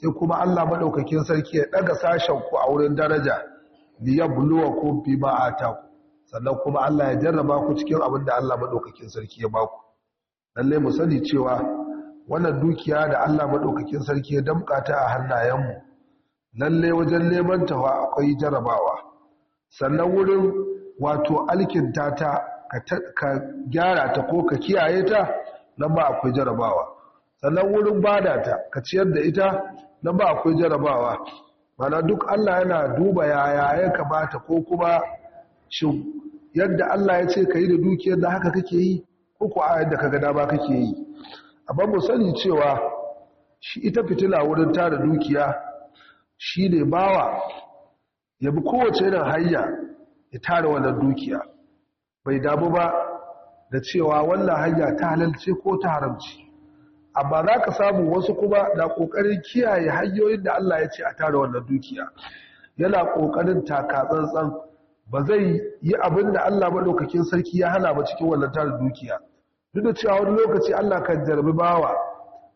sai kuma Allah maɗaukakin sarki ya ɗaga sashen ku a wurin daraja buluwa ko bi ma taku, sannan kuma Allah ya jarraba ku cikin abin da Allah maɗaukakin sarki ya baku lalle mu sani cewa wannan dukiya da Allah maɗaukakin sarki ya damƙa ta a hannayenmu lalle wajen neman ta akwai jarrabawa sannan wurin wato alkinta ta ka gyara ta ko ka kiyaye ta nan ba akwai jarrabawa sannan wurin bada ta ka ciyar da ita na ba akwai jarabawa mana duk Allah yana duba yaya ya kamata ko kuma shin yadda Allah ya ce ka yi da dukiyar da haka kake yi ko ku a yadda ka gada ba kake yi amma mu sani cewa shi ita fitila wurin tara dukiya shi ne bawa ya bi kowace irin hanya ya tara wannan dukiya bai damu ba da cewa wannan hanya ta halalce ko ta haramci amma za ka samu wasu kuma na ƙoƙarin kiyaye hanyoyin da Allah ya ce a tare wannan dukiya yana ƙoƙarin taka tsantsan ba zai yi abin da Allah maɗaukakin sarki ya hana ba cikin wannan tare dukiya duk da cewa wani lokaci Allah kan jarabi bawa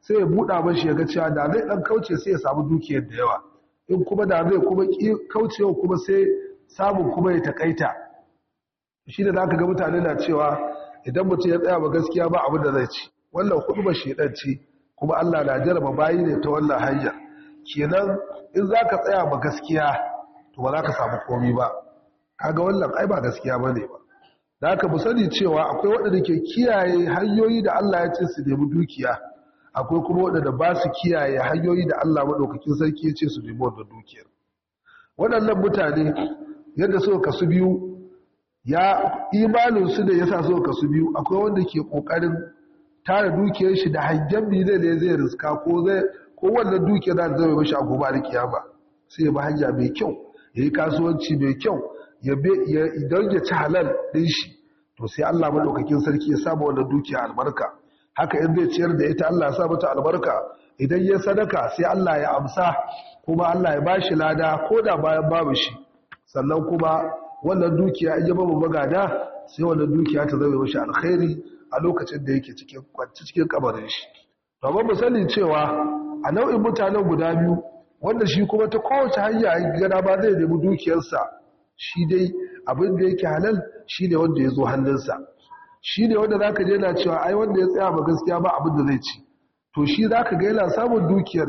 sai ya buɗa ba shi ya ga cewa da zai ɗan kauce sai ya samu dukiyar da yawa in kuma da zai kuma kaucewa kuma sai samun kuma ya takaita shi da za ka ga mutane na cewa idan mutum ya tsaya ba gaskiya ba abin da zai ci wannan hudubar shedan ce kuma Allah na jarraba bayi ne ta wannan hanya kenan in zaka tsaya ba gaskiya to ba za ka samu komai ba kaga wannan ai ba gaskiya bane ba da ka mu sani cewa akwai waɗanda ke kiyaye hanyoyi da Allah ya ce su nemi dukiya akwai kuma waɗanda ba su kiyaye hanyoyi da Allah maɗaukakin sarki ya ce su nemi wannan dukiyar waɗannan mutane yadda suka kasu biyu ya imanin su da yasa suka kasu biyu akwai wanda ke ƙoƙarin tara dukiyar shi da hangen bi ne zai riska ko zai ko wannan dukiyar da zai mashi a gobe da kiyama sai ya bi hanya mai kyau ya yi kasuwanci mai kyau ya idan ya ci halal din shi to sai Allah madaukakin sarki ya saba wannan dukiya albarka haka in zai ciyar da ita Allah ya sa mata albarka idan ya sadaka sai Allah ya amsa kuma Allah ya bashi lada ko da bayan babu shi sannan kuma wannan dukiya in ya babu magada sai wannan dukiya ta zama mashi alkhairi a lokacin da yake cikin kwanci cikin kabarin shi domin mu sani cewa a nau'in mutanen guda biyu wanda shi kuma ta kowace hanya a gana ba zai nemi dukiyarsa shi dai abin da yake halal shi ne wanda ya zo hannunsa shi ne wanda za ka je na cewa ai wanda ya tsaya ba gaskiya ba abin da zai ci to shi za ka ga yana samun dukiyar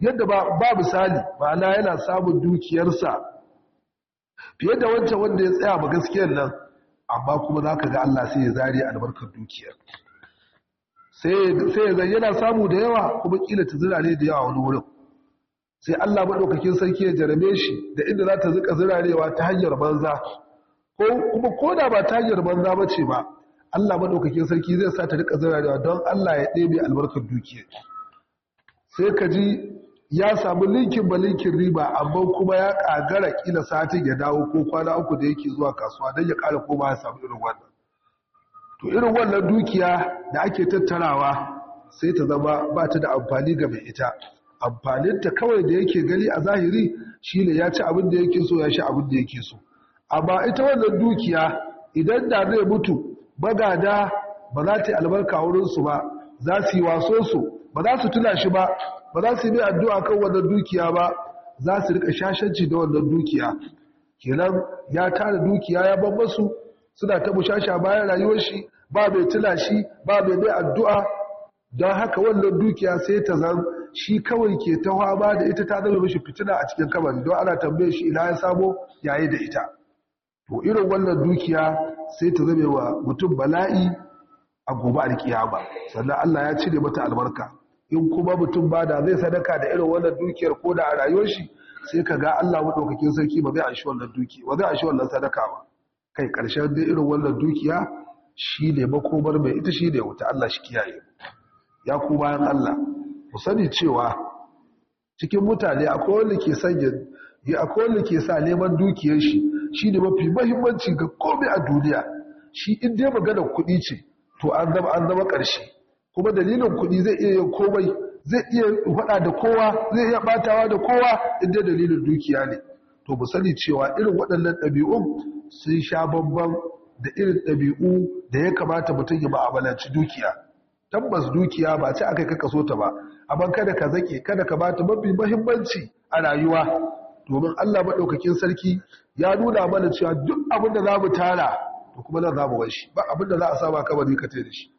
yadda ba misali ma'ana yana samun dukiyarsa fiye da wancan wanda ya tsaya ba gaskiyar nan amma kuma za ka ga Allah sai ya zari albarkar dukiyar sai ya zai samu da yawa kuma kila ta zirare da yawa wani wurin sai Allah maɗaukakin sarki ya jarame shi da inda za ta zika zirarewa ta hanyar banza ko kuma ko da ba ta hanyar banza ba ce ba Allah maɗaukakin sarki zai sa ta rika zirarewa don Allah ya ɗebe albarkar dukiyar sai ka ji ya samu linkin ba linkin riba amma kuma ya kagara kila satin ya dawo ko kwana uku da yake zuwa kasuwa don ya kara koma ya samu irin wannan to irin wannan dukiya da ake tattarawa sai ta zama ba ta da amfani ga mai ita amfaninta kawai da yake gani a zahiri shi ne ya ci abin da yake so ya shi abin da yake so amma ita wannan dukiya idan da zai mutu bagada ba za ta yi albarka wurinsu ba za su yi waso su ba za su tuna shi ba ba za su yi addu'a kan wannan dukiya ba za su rika shashanci da wannan dukiya kenan ya tara dukiya ya ban masu suna ta bushasha bayan rayuwar shi ba mai tuna shi ba mai dai addu'a don haka wannan dukiya sai ta zan shi kawai ke ta ba da ita ta zama mishi fitina a cikin kamar don ana tambaye shi ina ya samo yayi da ita to irin wannan dukiya sai ta zame wa mutum bala'i a gobe alkiyama sannan Allah ya cire mata albarka in kuma mutum ba da zai sadaka da irin wannan dukiyar ko da a rayuwar shi sai ka ga Allah maɗaukakin sarki ba zai anshi wannan duki ba zai anshi wannan sadaka ba kai ƙarshen dai irin wannan dukiya shi ne makomar mai ita shi ne wuta Allah shi kiyaye ya ku bayan Allah ku sani cewa cikin mutane akwai wanda ke sanya ya akwai wanda ke sa neman dukiyar shi shi ne mafi mahimmanci ga komai a duniya shi in dai magana kuɗi ce to an zama an zama ƙarshe kuma dalilin kuɗi zai iya yin komai zai iya faɗa da kowa zai iya ɓatawa da kowa inda dalilin dukiya ne to mu sani cewa irin waɗannan ɗabi'un sun sha bambam da irin ɗabi'u da ya kamata mutum ya ma'amalanci dukiya tabbas dukiya ba ce aka kai kaso ta ba amma kada ka zake kada ka bata mafi mahimmanci a rayuwa domin Allah maɗaukakin sarki ya nuna mana cewa duk abin da za mu tara da kuma nan za mu wanshi shi ba abin da za a saba kabari ka da shi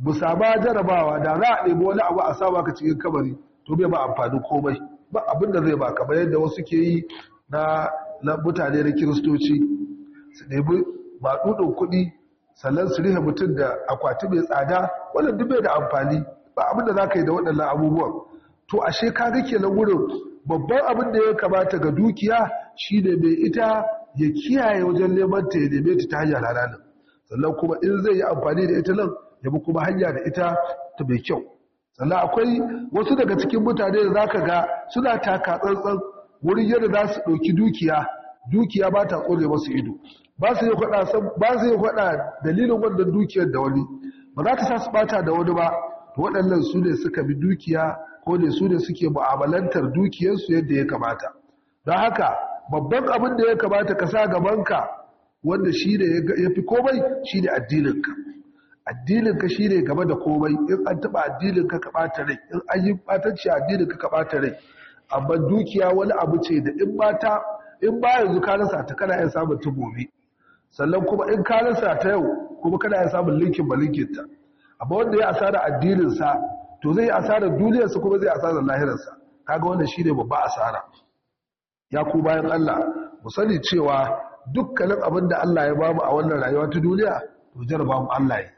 busa ba jarabawa da za a ɗebo wani abu a saba ka cikin kabari to bai ba amfani komai ba abin da zai ba kamar yadda wasu ke yi na mutane da kiristoci su ɗebi ba ɗuɗin kuɗi sannan su rihe mutum da akwati mai tsada wannan duk da amfani ba abin da za ka yi da waɗannan abubuwan to ashe ka ga kenan wurin babban abin da ya kamata ga dukiya shi ne mai ita ya kiyaye wajen neman ta ya neme ta ta hanyar halalin sannan kuma in zai yi amfani da ita nan ya kuma hanya da ita ta mai kyau sannan akwai wasu daga cikin mutane da za ka ga suna taka tsantsan wurin yadda za su ɗauki dukiya dukiya ba ta ƙone masu ido ba su yi faɗa dalilin wannan dukiyar da wani ba za ta sa su bata da wani ba waɗannan su ne suka bi dukiya ko ne su ne suke mu'amalantar dukiyarsu yadda ya kamata don haka babban abin da ya kamata ka sa gabanka wanda shi ne ya fi komai shi ne addininka addinin ka shine game da komai in an taba addinin ka ka bata rai in an yi batanci addinin ka ka bata rai amma dukiya wani abu ce da in ta in ba yanzu ka rasa ta kana yin samun ta sannan kuma in ka rasa ta yau kuma kana yin samun linkin ba linkin ta amma wanda ya asara addinin sa to zai asara duniyar sa kuma zai asara lahirar sa kaga wannan shine babba asara ya ku bayan Allah mu sani cewa dukkanin abin da Allah ya bamu a wannan rayuwa ta duniya to jarabawan Allah ya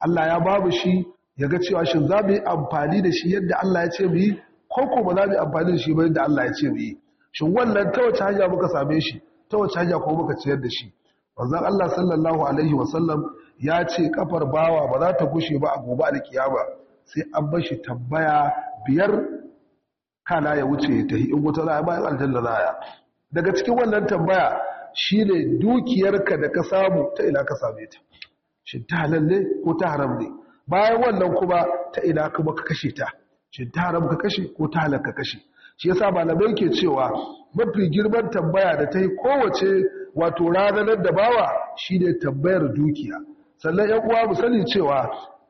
Allah ya babu shi ya ga cewa shin za mu yi amfani da shi yadda Allah ya ce mu yi ko ko ba za mu yi amfani da shi ba yadda Allah ya ce mu yi shin wannan ta wace hanya muka same shi ta wace hanya ko muka ciyar da shi wannan Allah sallallahu alaihi wasallam ya ce kafar bawa ba za ta gushe ba a gobe alkiyama sai an bar shi tambaya biyar kana ya wuce ta in wuta za a bayan aljanna za a daga cikin wannan tambaya shine dukiyarka da ka samu ta ina ka same ta shin ta halal ne ko ta haram ne bayan wannan kuma ta ina kuma ka kashe ta shin ta haram ka kashe ko ta halal ka kashe shi yasa malamai ke cewa mafi girman tambaya da ta yi kowace wato ranar da bawa shi ne tambayar dukiya sannan yan uwa mu sani cewa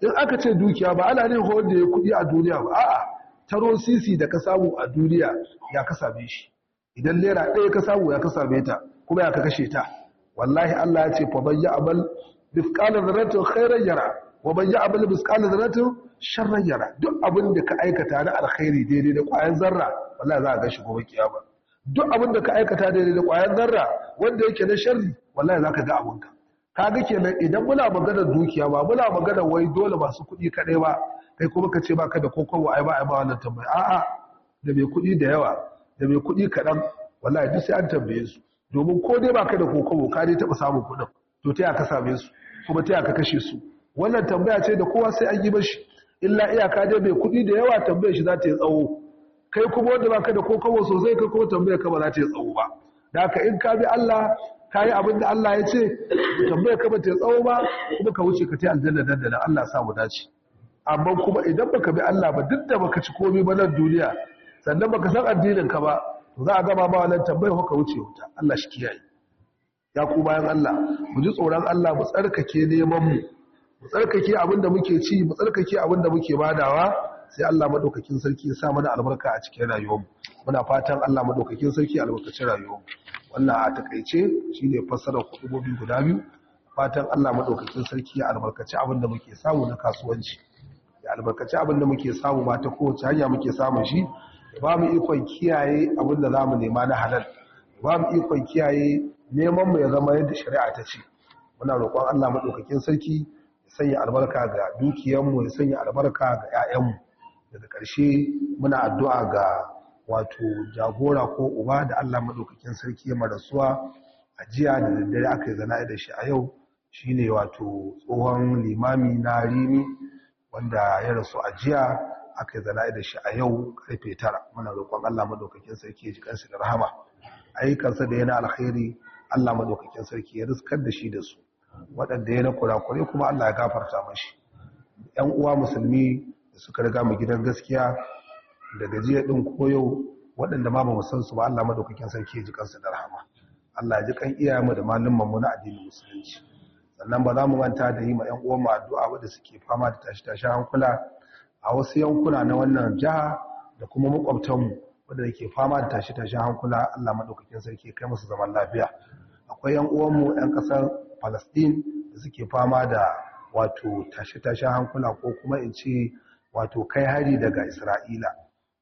in aka ce dukiya ba ana ne wanda ya kudi a duniya ba a'a taron sisi da ka samu a duniya ya ka same shi idan naira ɗaya ka samu ya ka same ta kuma ya ka kashe ta wallahi Allah ya ce fa man amal. mithqala dharratin khairan yara wa man ya'mal mithqala dharratin sharran yara duk abin da ka aikata na alkhairi daidai da ƙwayan zarra wala za a ga shi gobe kiyama duk abin da ka aikata daidai da ƙwayan zarra wanda yake na sharri wala za ka ga abinka ke kenan idan muna maganar dukiya ba muna maganar wai dole masu kuɗi kaɗai ba kai kuma ka ce ba ka da kokon wa ai ba ai ba wannan tambayi a'a da mai kuɗi da yawa da mai kuɗi kaɗan wala duk sai an tambaye su domin ko dai ba ka da kokon ka dai taɓa samun kuɗin to ta ya ka same su kuma ta ka kashe su wannan tambaya ce da kowa sai an yi mashi illa iyaka dai bai kuɗi da yawa tambayar shi za ta yi tsawo kai kuma wanda baka da kokawo sosai kai kuma tambayar ka ba za ta yi tsawo ba da haka in ka bi Allah ka yi abin da Allah ya ce tambayar ka ba ta yi tsawo ba kuma ka wuce ka ta yi aljanna dandana Allah sa mu dace amma kuma idan baka bi Allah ba duk da baka ci komai ba nan duniya sannan baka san addinin ka ba za a gama ba wannan tambayar ka wuce wuta Allah shi kiyaye ya ku bayan Allah mu ji tsoron Allah mu tsarkake neman mu mu tsarkake abin muke ci mu tsarkake abin da muke badawa sai Allah madaukakin sarki ya sa mana albarka a cikin rayuwar mu muna fatan Allah madaukakin sarki albarkacin rayuwar mu wannan a takaice shine fassarar kudubobi guda biyu fatan Allah madaukakin sarki ya albarkaci abin da muke samu na kasuwanci ya albarkaci abinda muke samu ba ta kowace hanya muke samun shi ba mu ikon kiyaye abin da zamu nema na halal ba mu ikon kiyaye neman mu ya zama yadda shari'a ta ce muna roƙon Allah madaukakin sarki ya sanya albarka ga dukiyar mu ya sanya albarka ga ƴaƴan mu daga ƙarshe muna addu'a ga wato jagora ko uba da Allah madaukakin sarki ya marasuwa a jiya da daddare aka yi zana'i da shi a yau shine wato tsohon limami na rimi wanda ya rasu a jiya aka yi zana'i da shi a yau karfe tara muna roƙon Allah madaukakin sarki ya ji kansa da rahama ayyukansa da yana alkhairi Allah madaukakin sarki ya riskar da shi da su waɗanda ya na kurakure kuma Allah ya gafarta mashi ‘yan uwa musulmi da suka riga mu gidan gaskiya da gajiya ɗin koyo waɗanda ma ba mu san su ba Allah madaukakin sarki ya ji kansu da rahama Allah ya ji kan iyaye mu da malumman mu na addinin musulunci sannan ba za mu manta da yi ma ‘yan uwan mu addu'a wadda suke fama da tashi tashi hankula a wasu yankuna na wannan jiha da kuma mu. wadanda ke fama da tashe-tashen hankula Allah madaukakin sarki kai musu zaman lafiya akwai yan uwanmu yan kasar Palestine da suke fama da wato tashe-tashen hankula ko kuma in ce wato kai hari daga Isra'ila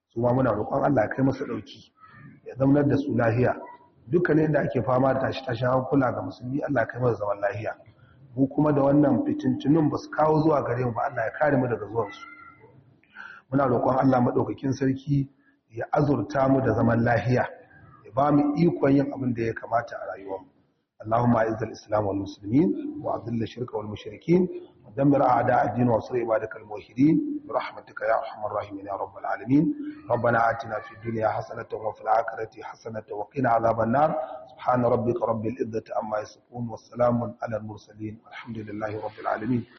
su ma muna roƙon Allah kai musu dauki ya zaunar da su lahiya dukkanin da ake fama da tashe-tashen hankula ga musulmi Allah kai musu zaman lahiya mu kuma da wannan fitintunun ba su kawo zuwa gare mu ba Allah ya kare mu daga zuwansu muna roƙon Allah maɗaukakin sarki ya azurta mu da zaman lahiya ya ba mu ikon yin abin da ya kamata a rayuwarmu Allahumma izal islam wal muslimin wa la shirka wal mushrikin wa damir a'da ad-din wa sir ibadakal muwahhidin bi rahmatika ya arhamar rahimin ya rabbal alamin rabbana atina fid dunya hasanatan wa fil akhirati hasanatan wa qina adhaban nar subhana rabbika rabbil izzati amma yasifun wa salamun ala mursalin alhamdulillahi rabbil